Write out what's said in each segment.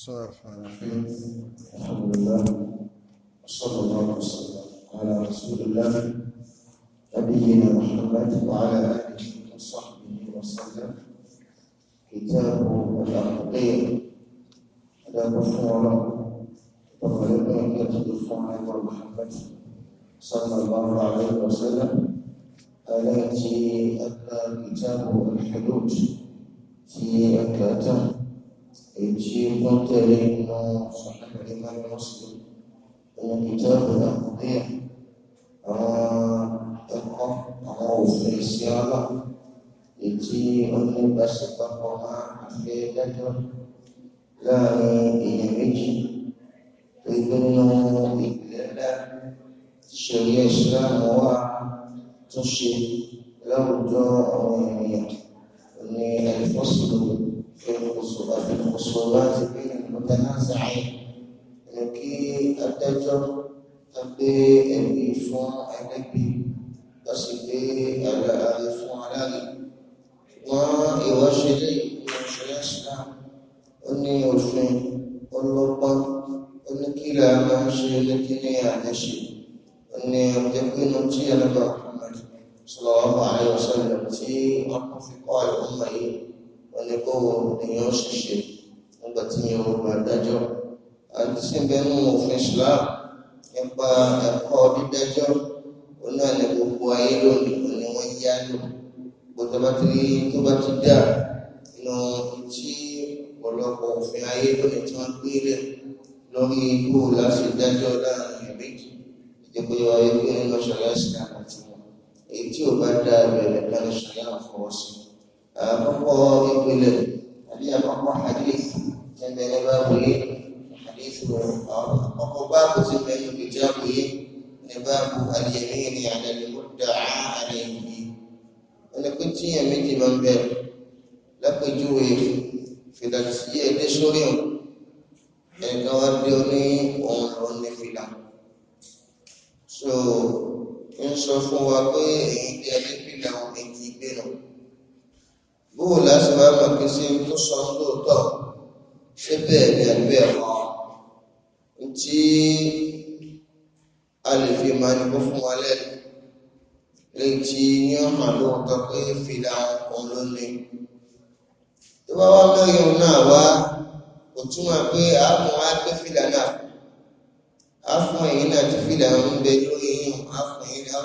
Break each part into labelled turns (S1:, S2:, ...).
S1: بسم الله الرحمن الرحيم الحمد لله وصلى الله وسلم على رسول الله نبينا محمد وعلى اله وصحبه وسلم كتاب العقيده هذا مفهوم وطريقه يتدفون عبر محمد صلى الله عليه وسلم التي أتى كتابه الحدود في أكاته يجي قتل إنه صحيح الإمام مسلم إن كتاب الأقضية تقع أو في السيارة يجي أن بس تقع في لدر لا يجي إنه إلا شريعة الإسلام وتشي لو جاء الفصل في الخصومات بين المتنازعين kí adájọ́ abẹ́ ẹ̀mí fún ẹlẹ́bí ó sì gbé ààrẹ fún aláàrẹ ṣùgbọ́n ìwáṣẹ lẹ́yìn ìwáṣẹ islam ó ní òfin ọlọ́pọ́n ó ní kí là máa ń ṣe lẹ́kí ní àdáṣe ó ní ọjọ́ pinnu tí ẹlẹ́bà Muhammad sallallahu alaihi wasallam tí wọ́n fi kọ́ àlùmọ̀ yìí wọn ni kó èèyàn ó ṣiṣẹ́ nígbà tí èèyàn ó bá dájọ́ àti síbẹ̀ nínú òfin Islam nípa ẹ̀kọ́ dídájọ́ òun náà ni gbogbo ayé lónìí kò ní wọ́n yá lò gbogbo bá ti rí tó bá ti dà nínú tí ọ̀pọ̀lọpọ̀ òfin ayé lónìí tí wọ́n gbé lẹ̀ lórí ikú láti dájọ́ láàrin ẹ̀mí ìjẹ́pẹ́ ayé pé nínú ṣàlàyé sí àwọn wọn èyí tí ò bá dá ẹ̀rẹ̀ lẹ́nu ṣàlàyé àfọwọ́sí àkọ́kọ́ ìpìlẹ̀ àbí àkọ́kọ́ hadith tẹ̀lé báwo yìí hadith ọkọ̀ báàbò tí bẹ́ẹ̀ yóò jẹ́ àbò yìí ní báàbò àdìyẹ̀mí ni àdàlùmọ́ dàá àdìyẹ̀mí yìí. wọ́n ní pé tíyẹn méjì máa ń bẹ̀rẹ̀ lápèjúwe fìdàtì ẹdẹ sórí ọ ẹnìkan wá dé ọ ní ọrùn ní fìlà so ń sọ fún wa pé èyí tẹ ẹdẹ fìlà òun èyí náà bóò láti wá mọ̀ pé sí tó sọ lóòótọ́ ṣé bẹ́ẹ̀ ni àbí ẹ̀kọ́ tí a lè fi máa ní kó fún wa lẹ́nu lẹ́yìn tí ní ọ̀nà lóòótọ́ pé fìlà òun ló ní tó bá wá mẹ́rin òun náà wá kò túmọ̀ pé àmọ́ á gbé fìlà náà á fún èyí náà tí fìlà ń bẹ lórí yìí á fún èyí náà ó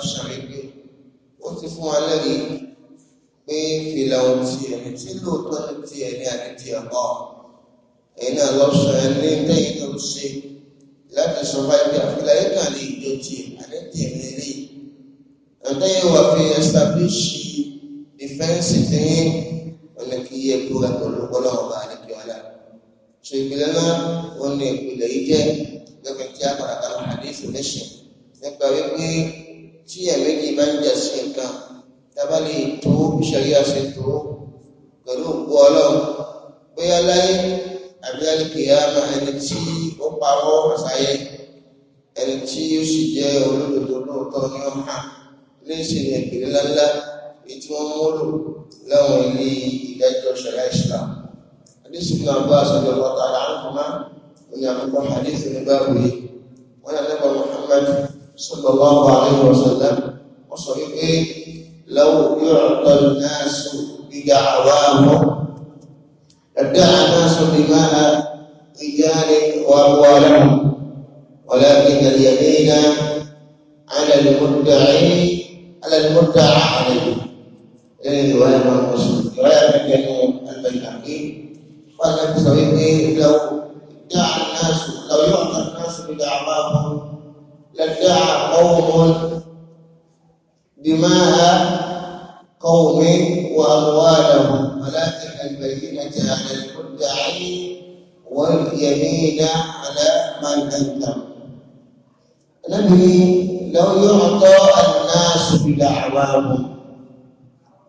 S1: ó ti fún wa lẹ́rìí pé fìlà òtí ẹni tí lóòótọ́ ní ti ẹni àti ti ẹ̀kọ́ ẹ̀yin náà lọ́sọ̀ ẹni lẹ́yìn tó ń ṣe láti sọ báyìí pé àfìlà yìí kàn lè jó ti àní ti ẹ̀mí rí ọ̀dọ́ yìí wà fi establish defense ti yín ọ̀nà kí yẹ kó rẹ̀ pẹ̀lú ọlọ́run bá ní ọ̀la ṣe ìpìlẹ̀ náà wọn ní ìpìlẹ̀ yìí jẹ́ gẹ́gẹ́ tí a kàràkàrà àdéhùn lẹ́sìn nípa wípé tí ẹ̀mí dábàá lè tó ìṣẹ̀lẹ̀ àṣẹ tó pẹ̀lú òkú ọlọ́run bóyá láyé àbí alìkèyàmà ẹni tí ó pawọ́ àṣàyẹ ẹni tí ó sì jẹ́ olódodo lóòótọ́ ní ọ̀hà ilé ìṣẹ̀lẹ̀ ìpínlẹ̀ ńláńlá èyí tí wọ́n mú lò láwọn ilé ìdájọ́ ṣẹ̀lá ìsìlámù hadisi ibn abbas radiyallahu ta'ala anhuma wọn ni àkọ́kọ́ hadisi wọn ni àlẹ́bà muhammad sallallahu alayhi wa sallam lau yu'tan nasu bida'awamu Ada'a nasu bimana rijali wa walam Walakin al-yamina ala al-mudda'i ala al-mudda'a alayhi Ini riwayat Imam Muslim lau قوم وأموالهم ولكن البينة على المدعي واليمين على من أنكر النبي لو يعطى الناس بدعواهم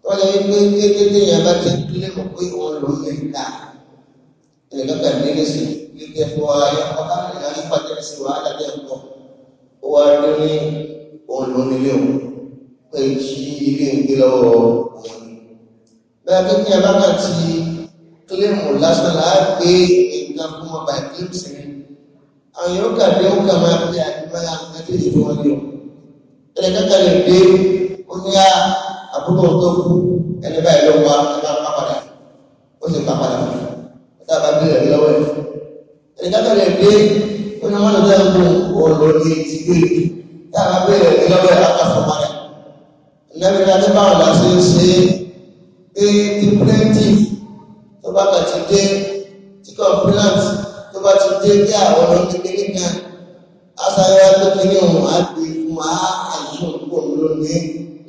S1: ولا يمكن يا بكر لمقوي والهدى إذا كان نجسي يدفع يقطع يعني فتنسي وعلى ذلك هو الذي والهدى ẹ̀yìn tí ilé ń gbé lọ́wọ́ òun ni. Bẹ́ẹ̀ kí ní ẹ̀bá ti kílèmù lásán láà gbé nǹkan fún ọba ìkíyèsí ni. Àwọn yóò kà dé ó kà máa fi àdúrà nǹkan tí èsì wọn lè. Ẹnì kankan lè dé ó ní àbúrò tó kú ẹni báyìí ló wá ẹ̀bá pa ó sì pa padà ọ̀tá bá gbé rẹ̀ lọ́wọ́ ẹ̀. Ẹnì kankan lè dé ó ní wọ́n lọ sẹ́yìn fún ọ̀lọ́ọ̀dì ti gbé ẹ̀ lẹ́gbẹ̀ẹ́ adébáwò láti ṣe pé tí plaintiff tó bá kà ti dé tí complaint tó bá ti dé bí àwọn ọmọ kékeré kan aṣáájú tó kéré òun á gbé fún wa àyè òkú òun lónìí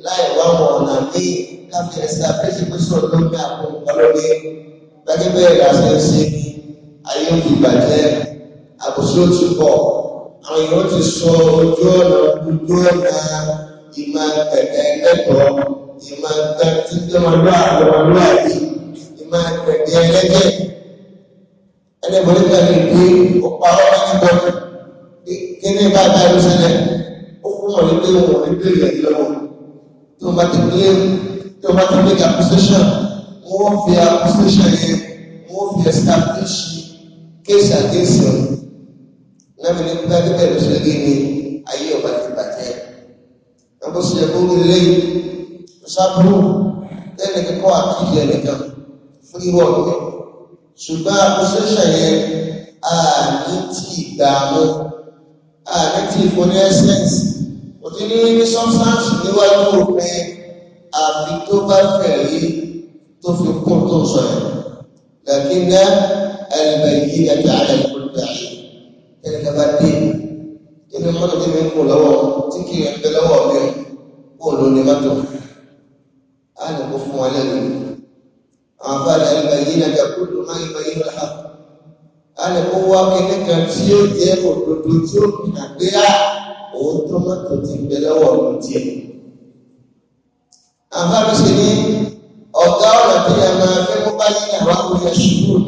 S1: láì wá wọn ọ̀nà ní káfíń ẹ̀sìn àpèsèpèsè olómi àpòǹkọ́ lónìí gbẹ́gbẹ́ ìlàsẹ̀ ṣe ni ayé òkè ìbàjẹ́ àbùsùn ti pọ̀ àwọn èèyàn ti sọ ojú ọ̀nà ojú ọ̀nà ìmọ̀ ẹ̀ẹ́ ẹ̀kọ́ ìmọ̀ tẹ́tí tọmọlúwà tọmọlúwà yìí ìmọ̀ ẹ̀ẹ́ ẹlẹ́jẹ̀ ẹlẹ́bọ̀lẹ́ tàbí pé ọ̀pá ọmọ ti bọ̀ pé kíní bá bá ẹ̀rọ ṣẹlẹ̀ ó fún wọn nílé wọn nílé rẹ̀ lọ́wọ́ tó bá ti gbé tó bá ti gbé accusation wọ́n fi accusation yẹn wọ́n fi establish case against them. Nàbẹ̀lẹ́ tàbí bẹ̀rẹ̀ ṣẹlẹ̀ ní ayé ọ̀bàdàn ó sì yẹ kó rú lẹ́yìn sábúrú tẹ́lẹ̀ kíkọ́ àkíyè ẹnìkan fún ìwọ̀ ọ̀gbẹ́ ṣùgbọ́n àkóṣẹ́ṣẹ́ yẹn àní tí ìdààmú àní tí ìfúnni ẹ́sẹ̀nsì kò tí ní ní sọ́nsáǹsì níwájú òpin àfi tó bá fẹ̀rí tó fi kún tó sọ yẹn lẹ́kìn náà ẹlẹ́bẹ̀yí ẹ̀dá ẹ̀kúndà ẹ̀ẹ́dẹ́gbàdé nínú mọ́tò tí mi ń kó lọ́wọ́ tí kì í ń bẹ lọ́wọ́ mi bóòlù ní mọ́tò á ní kó fún wọn lẹ́nu àwọn afáàlà ìgbà yìí náà dàkú ló máa ìgbà yìí náà á ní kó wá kíní kan tí yóò jẹ́ òdodo tí ó kìnà pé á ah, òun tó mọ́tò ti gbẹ lọ́wọ́ ọ̀run tiẹ̀. àfáàlù sì ní ọ̀gá ọ̀rọ̀ tí a máa fẹ́ kó bá yín àwọn akọ̀yà ṣùgbọ́n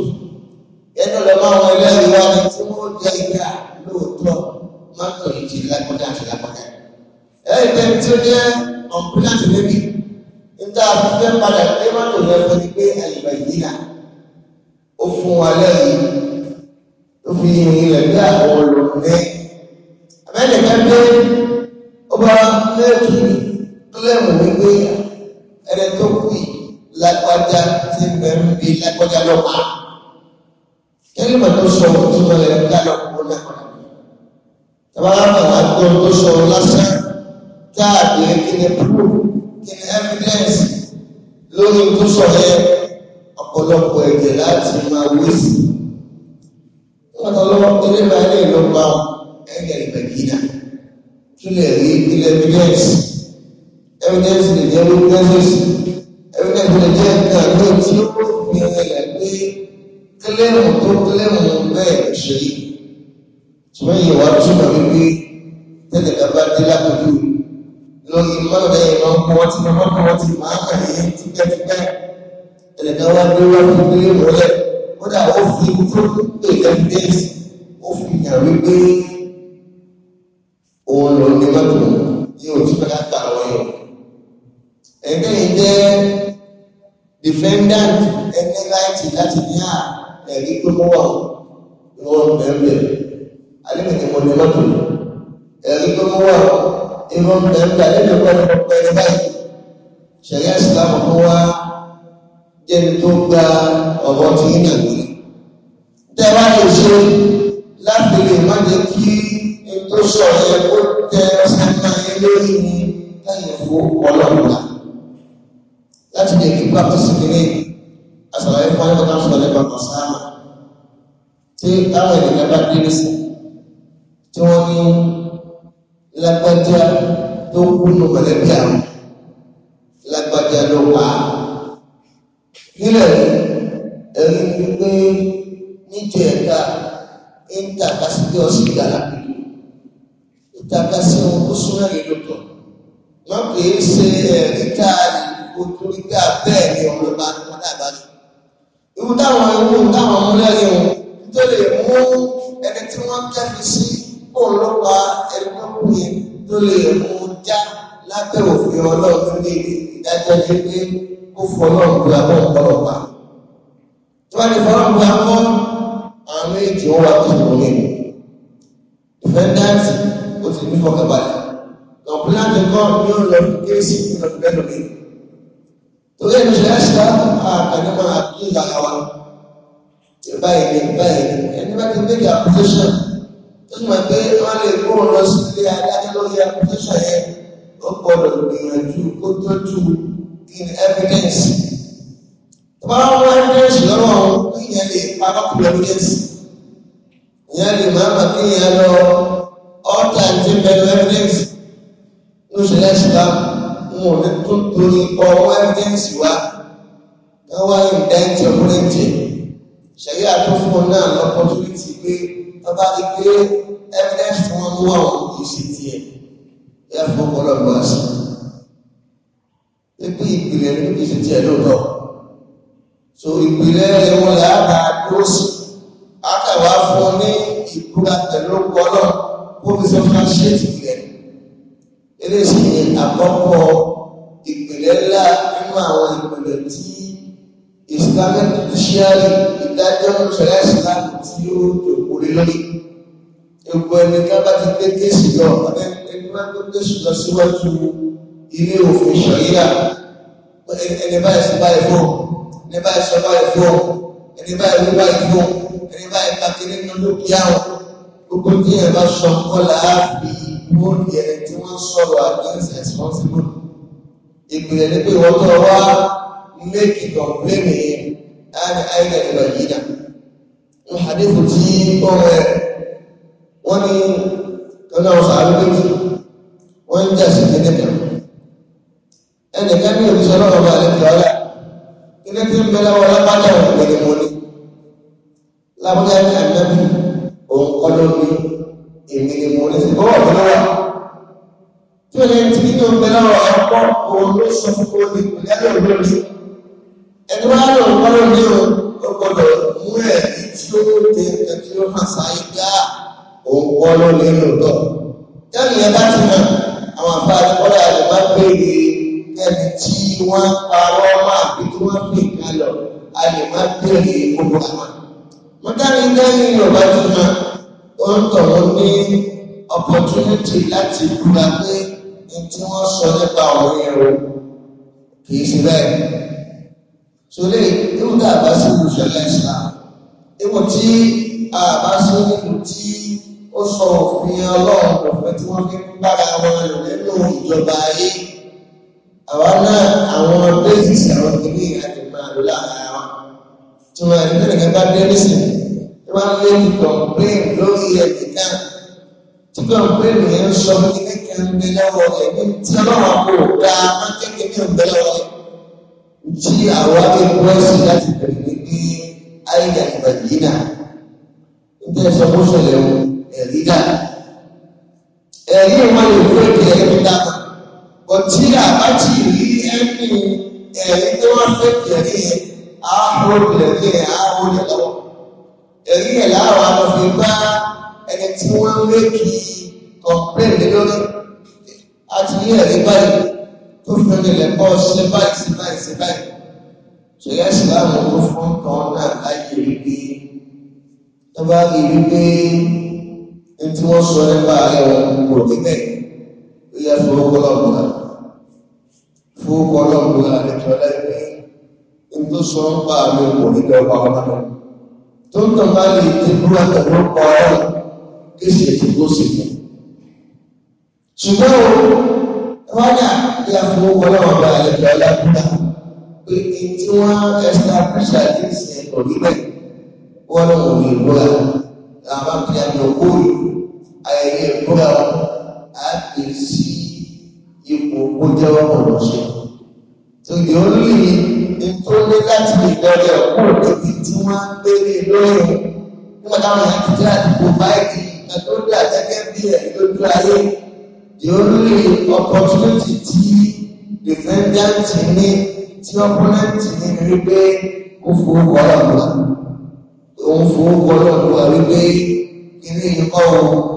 S1: ẹnu lọ́mọ àwọn ẹlẹ́rìí wá ní tí wọ́n jẹ́ ìgbà lóòótọ́ mọ́tò yìí ti lágbọ́dá ẹ̀ẹ́dẹ́ tí ó jẹ́ ọ̀pìlẹ̀tì lẹ́bí níta fífẹ́ padà pé má lò lọ fún ni pé àyèbá ìdílà ó fún wa lẹ́yìn tó fi yìnyín rẹ̀ bí àwọn olùkọ́ abẹ́nìkan pé ó bá lẹ́ẹ̀tù kílẹ̀mù wípé ẹni tó kù lágbájá ti bẹ̀rù bí lágbájá lọ́pàá kẹ́lìmọ̀ tó sọ òtún lọ́lẹ̀ nígbà lọ́pàá lọ́pàá tàbá láwọn àgbọ̀ tó sọ lásán káàdì kí ni proof kí evidence lórí tó sọ yẹ ọ̀pọ̀lọpọ̀ ẹ̀jẹ̀ láti máa wí sí. wọ́n tọ́ lọ́wọ́ ilé máa ní ìlọ́pa ẹ̀jẹ̀ ìgbàgídà tún rí ilẹ̀ evidence evidence lè jẹ́ witnesses evidence lè jẹ́ ìgbàgbé tí ó fi ẹ̀yà pé kílẹ̀mù tó kílẹ̀mù bẹ́ẹ̀ ṣe yìí. ṣùgbọ́n ìyẹ̀wò àtúntò wípé tẹ́tẹ̀ká bá dé lápẹ̀jú lọ sí mọ́lẹ̀ lọ kọ́ ọtí mọ́ kọ́ ọtí máa kà ní tipẹ́tipẹ́ ẹnìkan wá dé wá fún mi ìrọ̀lẹ́ ó dà ó fi fún èèyàn déèsì ó fi yàn wípé òun lọ ní mọ́tò yóò tún bá ta àwọn yòó. ẹgbẹ́ yìí defendant ẹgbẹ́ láìtì láti ní à ẹ̀rí tó mọ́ wà lọ́wọ́ bẹ́ẹ̀ bẹ́ẹ̀ alẹ́ mi ni mo ní mọ́tò ẹ̀rí tó mọ́ wà ìmọ̀ ẹ̀rọ̀dà lẹ́nu pẹ̀lú pẹ̀lú báyìí ṣẹ̀yà ìsìlámù kó wá jẹ́ni tó gba ọ̀rọ̀ tí ń nà ní. tẹ́ wá lè ṣe láti lè má jẹ́ kí ètò sọ̀rọ̀ kó tẹ ọ̀sẹ̀ kan yẹn lórí ní táyà fún ọlọ́ọ̀la láti lè kí pàtó sí àṣàlàyé fún ayọ̀ náà sọ̀rọ̀ nípa kọ̀sáàmà tí táwọn ènìyàn bá dé nísìn tí wọ́n ní lágbájá tó kúnnú mọ̀lẹ́bí àwọn lágbájá ló pa á. nílẹ̀ ẹ̀rí ni pé níjẹ̀ ẹ̀ka íńtàkásíkì ọ̀sìn ìgbàlá ìtàkásí ohun tó súnmọ́ ìlú kan wọ́n kì í ṣe ẹ̀rí tá a lè fojú
S2: rí tá a bẹ́ẹ̀ ni ọmọ bá ń pọn náà bá ṣe. irú táwọn
S1: ewu tó lè mú ẹni tí wọ́n kẹ́kọ̀ọ́ sí ọlọ́pàá ẹgbẹ́kùnye tó lè mú já lábẹ́ òfin ọlọ́run ní ìdájọ́ ṣe pé ó fọlọ́run pé abọ́ ọ̀pọ̀lọpàá. tí wọ́n ti fọlọ́run pé abọ́ àwọn méjì ó wà tó wọlé mi. ìfẹ́ndáǹtì ó ti ní fọkànbalẹ̀. kọ̀ǹpúláńtì kan ní ó lọ fún kéésì ní ọdún mi. torí ẹni ṣe ẹ̀ṣẹ̀ àkànnímọ̀ àbúrò ìgbà wa. báyìí ni báyìí ni ẹni bá ti gbé nígbà pé wọ́n lè kó wọn lọ sí ilé adájọ́ lórí application yẹn ó gbọ́dọ̀ gbìyànjú kó tọ́jú in evidence tó bá wọn wá evidence lọ́wọ́ ìyẹn lè pa lọ́kùnrin evidence ìyẹn lè má má kí ìyẹn lọ ọ́tà ti bẹ̀rù evidence ní oṣù lẹ́sìn bá wọn ò ní tó torí ọwọ́ evidence wá káwá ìdájọ́ fúnlẹ̀ ṣẹ̀rí àtúnfún náà lọ́pọ̀túnítì pé ọba ti gbé evidence tí wọ́n mú àwọn ìṣe tiẹ̀ yẹ fún ọ̀pọ̀lọpọ̀ àṣà pípé ìpìlẹ̀ ní ìṣe tiẹ̀ lóòótọ́ so ìpìlẹ̀ là wọ́n lè àbá dúró sí àkàwá fún ní ìbúra pẹ̀lú kọ́lọ̀ kó fi sọ́kà ṣe ìpìlẹ̀ eléyìí àkọ́kọ́ ìpìlẹ̀ ńlá nínú àwọn ìpìlẹ̀ tí ìdájọ́ tuntun ṣíárì ìdájọ́ ìṣẹ̀lẹ̀ ìṣẹ̀lẹ̀ tí ó jòkó lé lórí. Ewu ẹni ká bá ti gbé kéèsì lọ, ẹni máa gbé kéèsì lọ síwájú ilé òfin ṣàyíyà. Ẹni báyìí sọ báyìí fún ọ, ẹni báyìí sọ báyìí fún ọ, ẹni báyìí wí báyìí fún ọ, ẹni báyìí kàkí nínú dúkìá ọ. Gbogbo tí ẹ bá sọ kọ́lá àbí wọ́n yẹ tí wọ́n sọ̀rọ̀ against responsible. Ìpìlẹ̀ ní pé ìwọ́tọ̀ wá make it or blame him and aina ìbàjìdà ní hadithu tí ó rẹ̀ wọ́n ní kanáà ọ̀sán àrùgbẹ́jì wọ́n ń jà sí kẹ́nẹ́kà ẹnìkan ní òṣìṣẹ́ náà ọba àlejò ara kíní tí ń bẹ lọ́wọ́ lápájà òkùnkùn ni mo ní lábújá ní ànábì òun kọ́ ló èmi ni mo ní sí bọ́wọ́ tó lọ́wọ́ tí ó ní ti ń bẹ lọ́wọ́ ọkọ̀ òun ló sọ fún kó ní ìpínlẹ̀ lóòrùn ẹni wá lọ gbọ́dọ̀ ní o ó gbọ́dọ̀ mú ẹ̀rí tí ó dé nǹkan tí ó hàn sáyé dá òun kọ́ ló ní lòótọ́ tẹ́lẹ̀ yẹn bá ti mọ àwọn àfáàní kọ́lá rẹ̀ máa béèrè ẹni tí wọ́n parọ́ máa bí tí wọ́n fi nǹkan lọ a lè má béèrè gbogbo àwọn. mọ́tàlí dání yorùbá ti mọ ó ń tọ̀wọ́ ní opportunity láti gbúra pé ní tí wọ́n sọ nípa ọ̀rọ̀ yẹn o kì í ṣe bẹ́ẹ̀ sọlẹ ewu tá a bá sí nínú ṣẹlẹ̀ islam ewu tí a bá sí nínú tí ó sọ òfin Ọlọ́run òfin tí wọn fi ń bára wọn lò nínú ìjọba ayé àwa náà àwọn bẹ́ẹ̀sì àwọn kìíní àti máa lò láàárín wa tí wọn ẹni tẹ́lẹ̀ bá dé nísìnyí tí wọn lé ní kọ̀ǹpléìn lórí ẹ̀mí náà tí kọ̀ǹpléìn yẹn ń sọ kí ní kẹ́ńdé lọ́wọ́ tí ọlọ́wọ́ kò dáa má kékeré ń bẹ lọ́wọ́ ẹ̀mí tí àwa tó ń bọ́ sí láti bẹ̀rẹ̀ ní àyà ìbàdìyínà ń tẹ́ sọ fún ṣẹlẹ̀ o ẹ̀rí dà ẹ̀rí wọn lè fún èdè ẹ̀rí dà kò tí àbájì rí ẹ̀rí ẹ̀rí tó wọ́n fẹ́ kẹ̀rí ẹ̀ àárò lẹ̀rí ẹ̀ àárò lẹ̀lọ́wọ́ ẹ̀rí ẹ̀ láwọn àlọ́fẹ́ bá ẹni tí wọ́n ń lé kí kọ̀ọ̀pẹ́ lórí àti ní ẹ̀rí báyìí tó fi ọ̀dẹ̀lẹ̀ bọ́ ṣe báyìí ṣe báyìí ṣe báyìí ṣèyá sì láwọn tó fún kan náà láyé wípé tó bá rí wípé ní tí wọ́n sọ nípa ààrẹ wọn kò ní bẹ́ẹ̀ ó yẹ fún ọkọ lọ́gbọ̀nà fún ọkọ lọ́gbọ̀nà àdìjọ lẹ́gbẹ̀ẹ́ ní tó sọ nípa ààrẹ kò ní bẹ́ẹ̀ wà wọn náà tó ń tàn bá lè ti kúrò àtẹ̀wọ́ pọ̀ ọ́ kí sì ètò tó sì mú ṣùgbọ́n kọ́dà kí a fún wọn náà bá ẹ̀rọ alágbèéká pé kí tí wọ́n ẹ̀sìn àbúṣà ní ìsìn òrí bẹ́ẹ̀ wọ́n náà wò ní ìbúra àwọn akíyàmì òkúrò ayẹyẹ ìbúra á lè sí ipò kó jẹ́ ọmọ lọ́sẹ̀. Tòjì oríire ètò ní láti lè bẹ̀rẹ̀ òkúrò títí tí wọ́n ń gbére lóyún nígbà táwọn yàtí tí àdìgbò báyìí kàtó dé bí ẹ̀ lójú ayé the only opportunity tí defendant ní tí opponent ní ni wípé kó fowókọ ọlọ́ọ̀lá òun fowókọ ọlọ́ọ̀lá wípé kíní ikọ́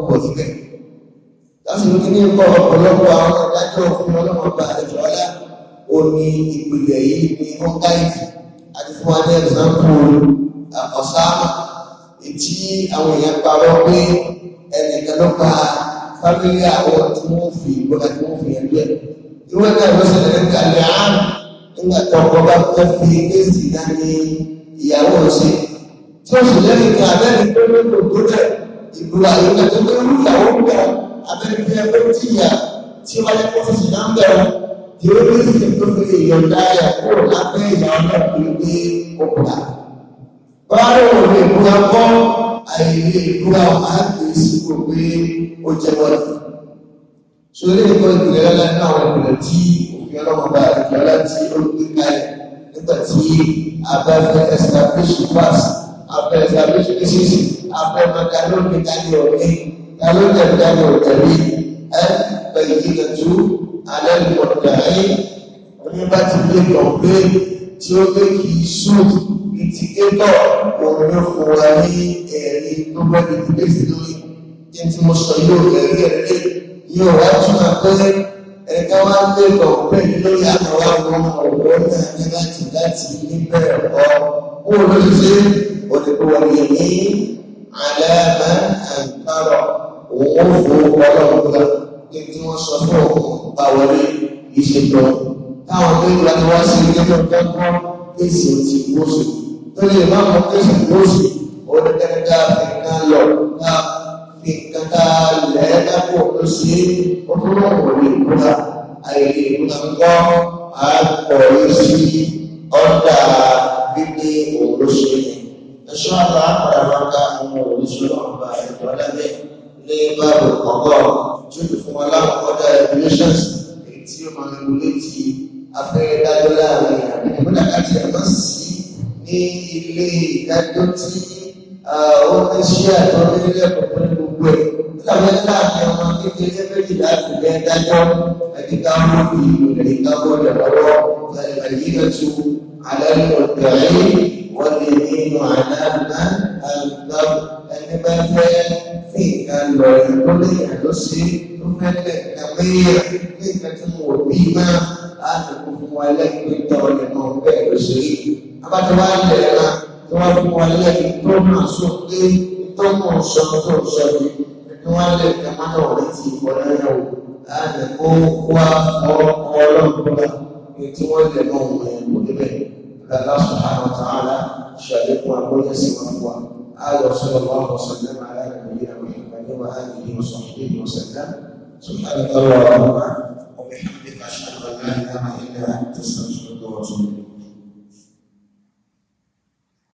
S1: pọ̀ sílẹ̀ lásìkò kíní ikọ́ ọ̀pọ̀lọpọ̀ àwọn adájọ́ òfin ọlọ́mọba àjọ ọlá ó ní ìpìlẹ̀ yìí ní wọ́n káyìí àti fún wa ní ẹ̀sánpù ọ̀sáàmù ètí àwọn èèyàn parọ́ pé ẹnìkan ló pa á family award tí wọ́n fi ìgbọ́nà tí wọ́n fi yẹn lé ìwé náà ló ṣẹlẹ̀ ní kàlẹ́ àrùn nígbà tó ọkọ bá fẹ́ fi éèsì náà ní ìyàwó ṣe tí ó sì lẹ́yìn kan abẹ́ni tó ló lò tó dẹ̀ ìlú àyíká tó ló lù ìyàwó ń bẹ̀rẹ̀ abẹ́ni fi ẹgbẹ́ tí ìyà tí wọ́n yẹ kó fi sì náà ń bẹ̀rẹ̀ tí ó lè sì tó fi ìyọ̀dá ìyàwó lábẹ́ ìyàwó náà kò ní pé ó kù náà báwo ni ìbúra kọ́ àìlè ìbúra àti ìsìnkú pé ó jẹ bọ́ọ̀lù. so ilé ìkọ́ ìpìlẹ̀ lọ́la ní àwọn ìpìlẹ̀ tí òfin ọlọ́mọ bá ìpìlẹ̀ lọ́la tí ó gbé kalẹ̀ nígbà tí abẹ́fẹ́ establish pass abẹ́ establish disease abẹ́ maka ló gbé kalẹ̀ òní kaló tẹ̀lé kalẹ̀ òtẹ̀lé ẹ bẹ̀yì kíkẹ́ tú alẹ́ ìpọ̀tẹ̀ ayé onígbà tí litigator òun ló fún wa ní ẹ̀rí tó bá di ìgbésí lórí kí n tí mo sọ yóò ẹ̀rí ẹ̀rí yóò wá túmọ̀ pé ẹ̀ka wá ń lè lọ pé lórí àwọn àwọn ọ̀rọ̀ náà ní láti láti níbẹ̀ ọ̀ kó ló ṣe òdìbò yìí àlàmà àǹtarọ̀ òun fún ọlọ́run gbà pé kí wọ́n sọ fún òun bá wọlé ìṣèjọ táwọn tó ń gbà tí wọ́n ṣe nínú kẹ́kọ̀ọ́ èsì ti gbóṣùn tó lè má mọ kéṣù lóṣù òun kẹta ká fi kan lọ ká fi kàkà lẹ́ẹ̀ dápò tó ṣe ọdúnlọ́wọ́ lè kúta àìlè kúta ńkọ́ àpọ̀ èsì ọ̀dà bíbí òwúrọ̀ṣẹ́ ni. ẹ̀ṣọ́ àlọ́ àpàdà máa ká àwọn òwúrọ̀ṣẹ́ ọ̀gbà ẹ̀dọ́ lábẹ́ ní báàbò kọ̀ọ̀kọ̀ tí ó fún wa láwọn ọ̀dà regulations èyí tí ó máa ń lò létí afẹ́rẹ́ ilé ìdádótì ọ̀ṣẹ́ àtọ́lélẹ̀ ọ̀pọ̀ gbogbo ẹ̀. Láwọn ẹ̀ka àti ọmọ kékeré méjì láti lẹ́ dájọ́ ẹ̀dínkà wọ́pì ẹ̀dínkà bọ́ọ̀lù lọ́wọ́ ẹ̀dínkàtú alẹ́lọ́dọ̀rẹ́ wọ́n lè nínú àdáàdá àgbà ẹni bá fẹ́ fi nǹkan lọ ìkólé àdóṣe tó fẹ́ lẹ̀ kàpẹ́yà ní ìkàtúmọ̀ òbí máa. láti kó fún wa lẹ́gbẹ̀ẹ́ tọ́ ọ̀lẹ̀ náà bẹ́ẹ̀ ló ṣe rí. Abájọba ilẹ̀ ẹ̀la tí wọ́n fún wa lẹ́gbẹ̀ẹ́ tó máa sọ pé tó mọ̀ sọ tó sọ ni ẹni wọ́n lè fẹ́ má náà rí ti ìwọ lẹ́yìn o. Láti kó wá ọkọ̀ ọlọ́gbọ́n ní tí wọ́n lè náà wọ̀ ẹ̀ wò níbẹ̀. Allah subhanahu wa ta'ala ṣàlékún àgbóyèsí wọn fún wa. آل وصلى الله وسلم على نبينا محمد وآله وصحبه وسلم سبحانك اللهم وبحمدك Allah'tan ile kısa sürede